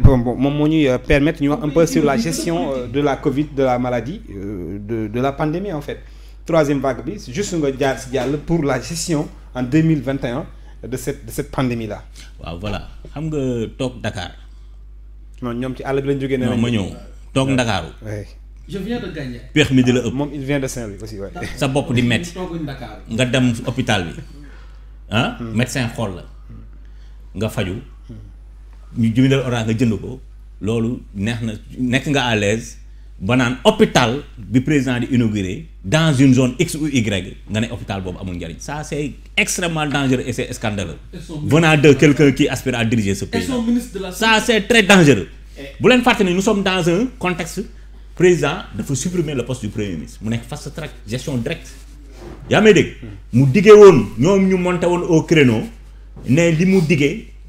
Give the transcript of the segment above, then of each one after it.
Bon, bon, mon euh, permettre un peu sur la gestion euh, de la Covid, de la maladie, euh, de, la pandémie en fait. Troisième vague, c'est juste pour la gestion en 2021 de cette, pandémie-là. Wow, voilà, je suis Top Dakar. Non, nous sommes Dakar. Je viens de gagner. Permis de ah, Il vient de Saint-Louis aussi. Ouais. Sa bop di metti. Nga dem hôpital bi. Hein? Médecin xol la ñu jëndal orange nga jënd ko nga à l'aise ba hôpital bi président di inauguré dans une zone X ou Y nga ne hôpital boobu amul ça c'est extrêmement dangereux et c'est scandaleux venant de quelqu'un qui aspire à diriger ce pays ça c'est très dangereux bu leen nous sommes dans un contexte président dafa supprimer le poste du premier ministre mu nekk fast track gestion directe yaa may dégg hmm. mu diggee woon ñoom ñu monté woon au créneau ne li mu que.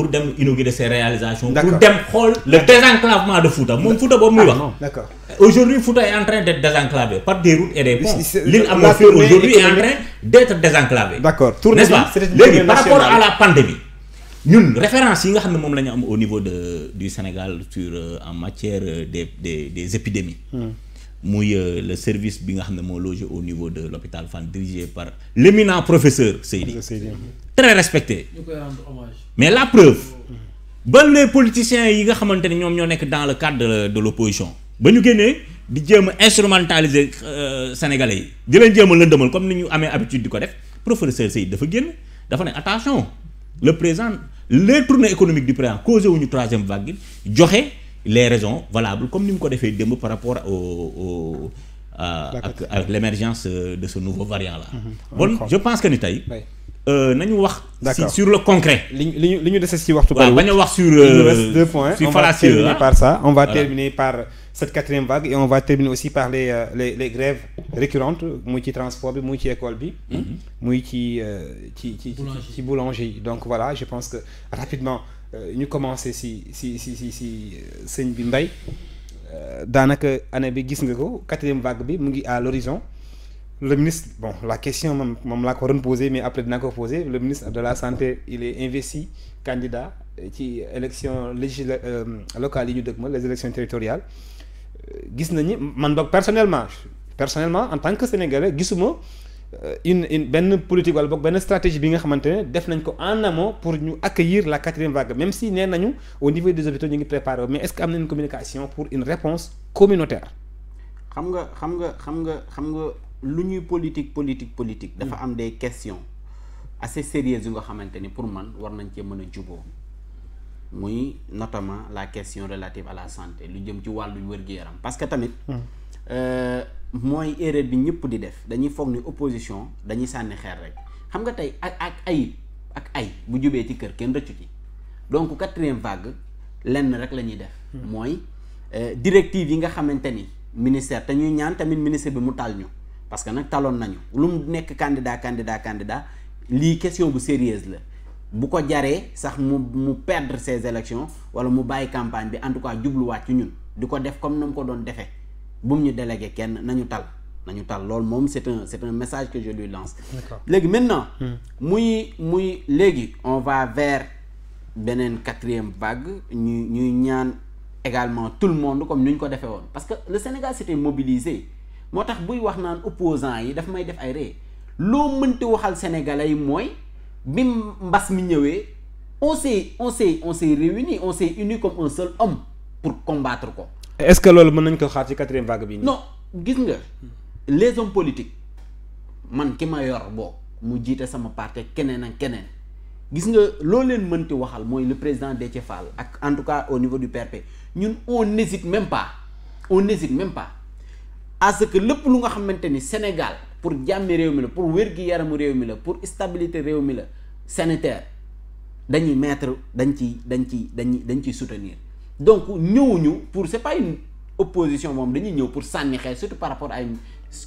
pour inaugurer ses réalisations. pour le désenclavement de Fouta Fouta ah, aujourd'hui Fouta est en train d'être désenclavé par des routes et des ponts. l'île à aujourd'hui est en train d'être désenclavé. d'accord n'est-ce pas par rapport à la pandémie. nous référence yi nga au niveau de du Sénégal sur euh, en matière euh, des épidémies. Hmm. Euh, le service bi nga logé au niveau de l'hôpital Fan dirigé par l'éminent professeur Seydi très respecté mais la preuve ba les politiciens yi nga xamante ñom ñoo dans le cadre de l'opposition ba ñu génnee di instrumentaliser euh, sénégalais di leen jëm le comme nous ñu l'habitude habitude diko def professeur Seydi dafa génn dafa attention le présent les tournées économiques du présent causé wuñu troisième vague joxé les raisons valables comme nous avons fait, le par rapport au au euh, de ce nouveau variant là. Mm-hmm. bon je pense que ni euh, voir wax. sur le concret. L'union de ces voir sur. Euh, deux points on va terminer hein. par ça on va terminer par cette quatrième vague et on va terminer aussi par les euh, les grèves récurrentes multi ci transport bi muy ci école bi. Mm-hmm. boulanger donc voilà je pense que rapidement nous euh, commencé si si si si si euh, sëñ bi mbay euh, daanaka année bi gis nga ko quatrième vague bi à l'horizon le ministre bon la question moom moom laa ko posé mais après dinaa ko posé le ministre de la santé il est investi candidat ci élection législa locales yi ñu ma les élections territoriales gis nañu man personnellement personnellement en tant que sénégalais gisuma euh, une une benn politique wala boog benn stratégie bi nga xamantene def nañ ko en amont pour ñu accueillir la quatrième vague même si né nañu au niveau des hôpitaux ñi ngi préparé mais est-ce que am nañ communication pour une réponse communautaire. xam nga xam nga xam nga xam nga luñuy politique politique politique. dafa mm. am des questions assez sérieuses nga xamantene pour man war nañ ci mëna a muy notamment la question relative à la santé lu jëm ci walu wér-gu-yaram parce que tamit. Mm. Euh, moy erreur bi ñepp di def dañuy foog ni opposition dañuy sanni xeer rek xam nga tay ak ak ayib ak ay bu jubé ci kër kenn rëccu ci donc quatrième vague lenn rek lañuy ñuy def. Hmm. mooy euh, directive yi nga xamanteni ministère te ñuy ñaan tamit ministère bi mu tal ñu. parce que nak talon nañu lu nekk candidat candidat candidat li question bu sérieuse la bu ko jaré sax mu mu perdre ses élections wala mu bàyyi campagne bi en tout cas jubluwaat ci ñun diko def comme na ko doon defee bum ñu déléguer kenn nañu tal nañu tal loolu mom, c'est un c'est un message que je lui lance léegi maintenant hmm. muy muy léegi on va vers une quatrième vague nous ñuy ñaan également tout le monde comme nous ñu ko defee woon parce que le Sénégal s'était mobilisé moo tax buy wax nan opposant yi daf may def ay l'homme loo mënti waxal sénégalais yi mooy bi mbas mi on s'est on s'est on s'est réuni, on s'est unis comme un seul homme pour combattre ko est-ce que loolu peut nañ ko xaar ci quatrième vague bi. non vous nga les hommes politiques man ki ma yor boo mu jiite sama parti keneen ak keneen gis nga ce que vous waxal mooy le président de en tout cas au niveau du PRP ñun on n'hésite même pas on n'hésite même pas à ce que le lu nga xamante Sénégal pour jàmmi réew mi pour wér le yaramu réew mi la pour stabilité réew mi la sanitaire dañuy mettre dañ ci dañ ci dañ soutenir donc nous, pour c'est pas une opposition nous dañuy pour sànni surtout par rapport à une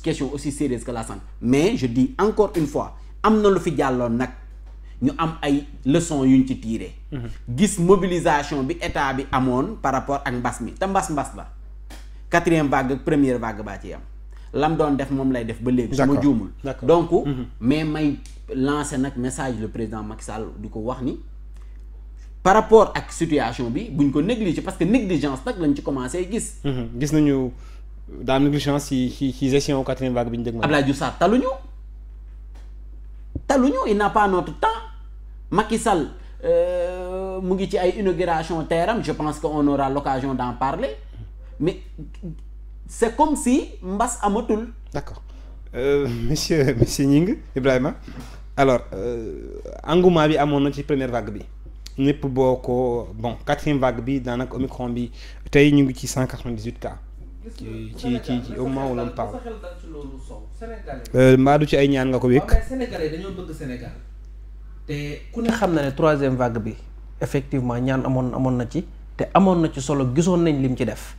question aussi sérieuse que la santé mais je dis encore une fois nous le lu fi jàlloon nag ñu leçons yuñ ci mhm. gis mobilisation bi état bi amone par rapport ak mbas mi te mbas mbas la quatrième vague première vague ba ci am lam doon def mom lay def ba donc mhm. mais may lancer nak message le président Macky Sall diko wax ni par rapport à la situation bi buñ ko négliger parce que négligence nak lañ ci commencé gis. Mhm. gis nañu négligence ci ci ci gestion quatrième vague biñ Abdoulaye Diouf n'a pas notre temps Macky Sall euh, mu ci ay inauguration je pense qu'on aura l'occasion d'en parler mais c'est comme si Mbass amatul. d'accord euh, monsieur monsieur Ning Ibrahima alors euh, engouement bi amono ci première vague ñëpp boo bon 4e vague bi daanaka omicron bi tay ñu ngi ci 198 cas. ci ci ci ci au moment où l'on parle. Euh, mbaa du ci ay ñaan nga ko wék Sénégalais dañu bëgg Sénégal. té ku ne xam na né 3e vague bi effectivement ñaan amon amon na ci té amon na ci solo gisoon nañ lim ci def.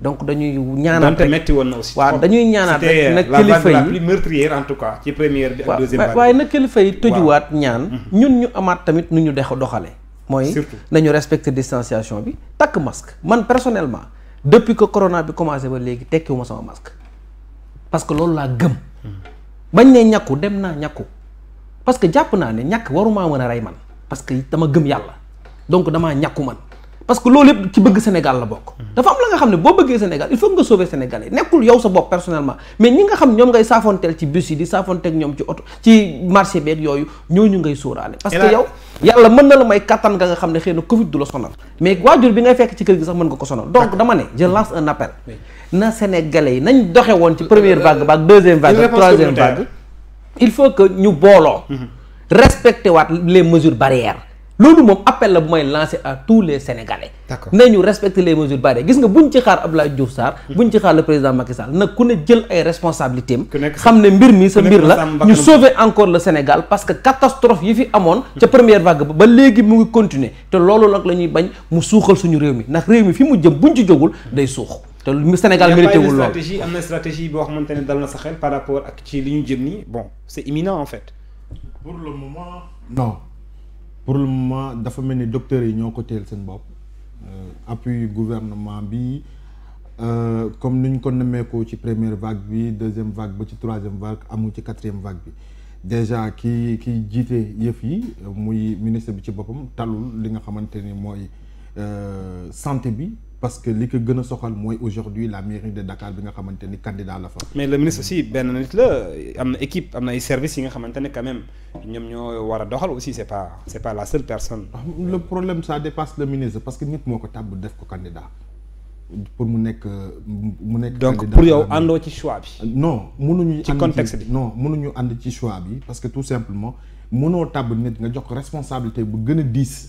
donc dañuy ñaanaat rek metti woon na aussi. waaw dañuy ñaanaat rek euh, nag kilifa yi la plus meurtrière en tout cas. ci première bi ak deuxième vague waaye nag kilifa yi tëjuwaat ñaan. Mhm. ñun ñu amaat tamit nu ñu dex doxalee mooy nañu respecter distanciation bi takk masque man personnellement depuis que corona bi commencé ba léegi tekkiwuma sama masque parce que loolu la gëm bañ ne ñàkku dem naa ñàkku parce que jàpp naa ne ñàkk warumaa mën a rey man parce que dama gëm yàlla donc damaa ñàkku man parce que loolu yëpp ci bëgg Sénégal la bok. dafa am la nga xam ne boo bëggee Sénégal il faut nga sauver Sénégalais nekkul yow sa bopp personnellement mais ñi nga xam ñoom ngay saafonteel ci bus yi di saafonteeg ñoom ci oto ci marché beeg yooyu ñooñu ngay sóoraale parce que yow yàlla mën na la may kattan nga nga xam Covid du la sonal mais waajur bi ngay fekk ci kër gi sax mën nga ko sonal donc dama ne je lance un appel na Sénégalais yi nañ doxe ci première euh, vague baag deuxième vague troisième vague il faut que ñu booloo mhm. respecter waat les mesures barrières loolu moom appel la bu may lancer à tous les sénégalais. d'accord respecter les mesures barrières gis nga buñ ci xaar Abdoulaye Diouf Sarr. buñ ci xaar le président Macky Sall nag ku ne jël ay responsabilités am. xam ne mbir mi sa mbir la ñu sauver encore le Sénégal parce que catastrophe yi fi amoon. La première vague ba léegi mu ngi continuer te loolu nag la ñuy bañ mu suuxal suñu réew mi ndax réew mi fi mu jëm buñ ci jógul day suux. te le Sénégal mérité wul lool stratégie am stratégie boo xamante ne dal na sa xel par rapport ak ci li ñu jëm bon c'est imminent en fait. pour le moment non pour le moment dafa mel ni docteurs yi ñoo ko téel seen Euh, appui gouvernement bi euh, comme ni connaissons ko ci première vague bi deuxième vague ba ci troisième vague amu ci quatrième vague bi déjà ki ki jité yef yi muy ministre bi ci bopam talul li nga xamanteni moy euh, santé bi parce que li ko gën a soxal aujourd'hui la mairie de Dakar bi nga le candidat la fa. mais le ministre aussi ben nit la am na équipe am na services yi nga xamante quand même ñoom ñoo a doxal aussi c'est pas c'est pas la seule personne. Ah, le problème ça dépasse le ministre parce que nit moo ko de def ko candidat pour mu nekk mu nekk. donc pour yow àndoo ci choix bi. non mënuñu. ci contexte bi non mënuñu ànd ci choix parce que tout simplement mënoo tàbb nit nga jox responsabilité bu gën 10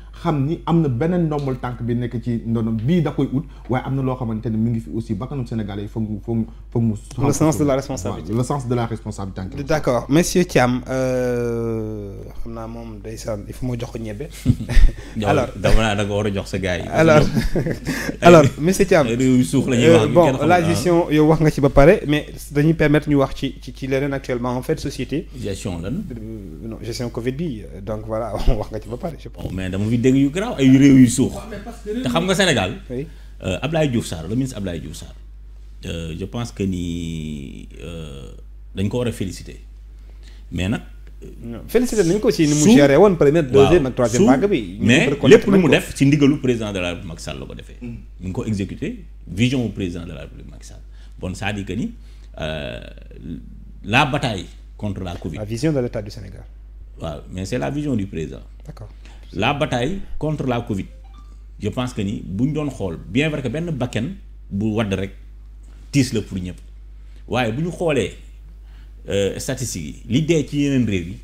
xam ni am na beneen ndombal tànk bi nekk ci ndonom bii da koy ut waaye am na loo xamante ne mi ngi fi aussi bakkanu Sénégalais yi foog foog pour nous. Le sens de la responsabilité. le sens de la responsabilité. D'accord. Monsieur Thiam, euh... naa moom ndeysaan il faut ma jox ko ñebe. alors dama naa da nga war jox sa gars alors alors monsieur Thiam. suuf la ñuy euh, wax bon la gestion yow wax nga ci ba pare mais dañuy permettre ñu wax ci ci ci actuellement en fait société. gestion lan. Euh, non gestion Covid bi euh, donc voilà wax nga ci ba pare je pas. Oh, mais dama fi dégg yu garaaw ay réew yu suuf. te xam nga Sénégal. oui Ablaye Diouf Sarr le ministre Ablaye Diouf Sarr. Euh, je pense que ni euh, dañ ko féliciter mais nak féliciter nañ ko ci ni mu géré won première deuxième ak troisième vague bi. mais lepp lu mu def ci ndigalu président de la République Macky Sall ko defee. ñu mm. ko exécuter vision du président de la République Macky Sall bon ça dit que ni euh, la bataille contre la Covid. la vision de l'État du Sénégal. waaw mais c'est la vision du président. d'accord la bataille contre la Covid je pense que ni buñ doon xol bien vrai que ben bakken bu wad rek tiis le pour ñep waye buñu xolé euh statistiques yi li dee ci yeneen réew yi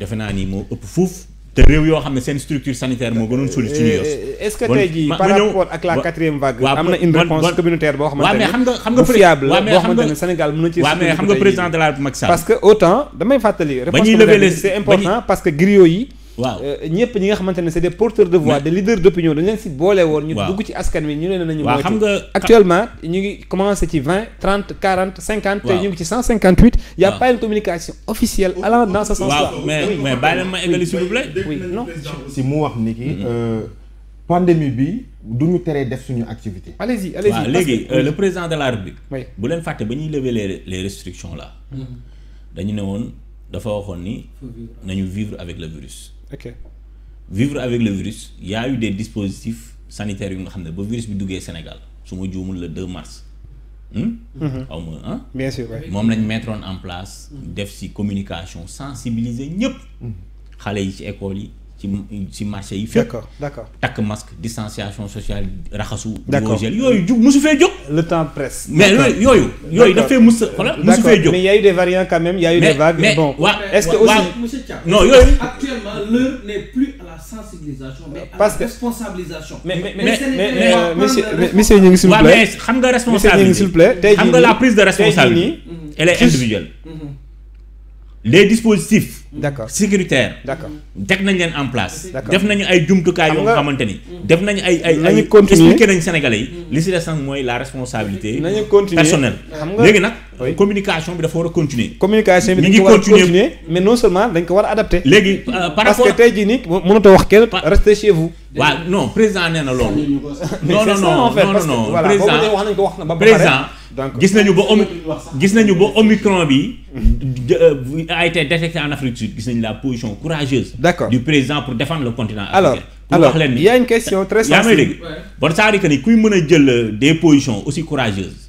defe na ni mo upp fouf te réew yo xamné ne seen structure sanitaire mo gënoon solide ci ñu yoss euh, est-ce que tey jii par rapport ak la 4e vague. amna une réponse communautaire bo boo wa mais xam nga xam nga fiable la boo xamante ne Sénégal mëna ci. waaw mais xam nga président de la République Macky Sall. parce que autant damay fàttali. ba ñuy c'est important parce que griot yi waaw euh, ñëpp ñi nga xamante ne c'est des porteurs de voix des leaders d'opinion dañ leen si boole woon ñu dugg ci askan wi ñu leen nañu waaw xam nga actuellement ñu ngi commencé ci 20 30 40 50 tey ñu ngi ci 158 y a pas une communication officielle allant dans ce sens-là mais mais bàyyi leen ma égali s'il vous plaît oui non si mu wax ni ki mm-hmm. euh, pandémie bi du ñu teree def suñu activité allez-y allez-y waaw léegi euh, le président de la République bu leen fàtte ba ñuy lever les les restrictions là mm-hmm. dañu ne woon dafa waxoon ni nañu vivre avec le virus ok vivre avec le virus il y a eu des dispositifs sanitaires le nga est ba virus est au Sénégal le 2 mars. Hmm? Mhm. Hein? bien sûr Nous avons mis en place. des communications communication sensibiliser ñëpp. Mhm. xale yi ci école si ci marché yi fépp. d'accord d'accord takk masque distanciation sociale raxasu. d'accord gel yooyu ju musu fee jóg. le temps presse. mais yooyu yooyu. yooyu dafay mus a xoolal musu fee jóg. mais y a eu des variants quand même il y a eu des vagues. mais bon est-ce que aussi non yooyu. actuellement l'heure n'est plus à la sensibilisation. mais à la responsabilisation. mais mais mais monsieur monsieur ñu ngi s'il vous plaît. mais xam nga responsabilité monsieur ñu s'il vous plaît. tey jii xam nga la prise de responsabilité. Mm-hmm. elle est individuelle. Mm-hmm. les dispositifs d'accord sécuritaire. d'accord teg nañ leen en place. def nañu ay jumtukaay yoo xamante ni. def nañu ay ay ay expliqué nañ Sénégalais yi. li si des nag mooy la responsabilité. personnelle. xam nga léegi nag. communication bi dafa war a continuer. communication bi dañ ko continuer mais non seulement dañ ko war a adapté. léegi euh, parce que tey jii nii mënut wax kenn rester chez vous. waaw non président nee na loolu. non non non non non président président gis nañu ba omi gis nañu ba omicron euh, a été détecté en Afrique du Sud gis la position courageuse. du président pour défendre le continent africain. alors il y' a une question très simple. bon euh, des positions aussi courageuses.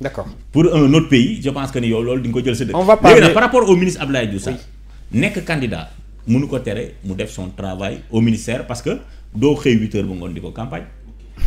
pour un autre pays je pense que ni yow lolou ding ko on va parler par rapport au ministre Abdoulaye Diouf Sarr candidat mënu ko téré mu def son travail au ministère parce que do xey 8 heures de campagne.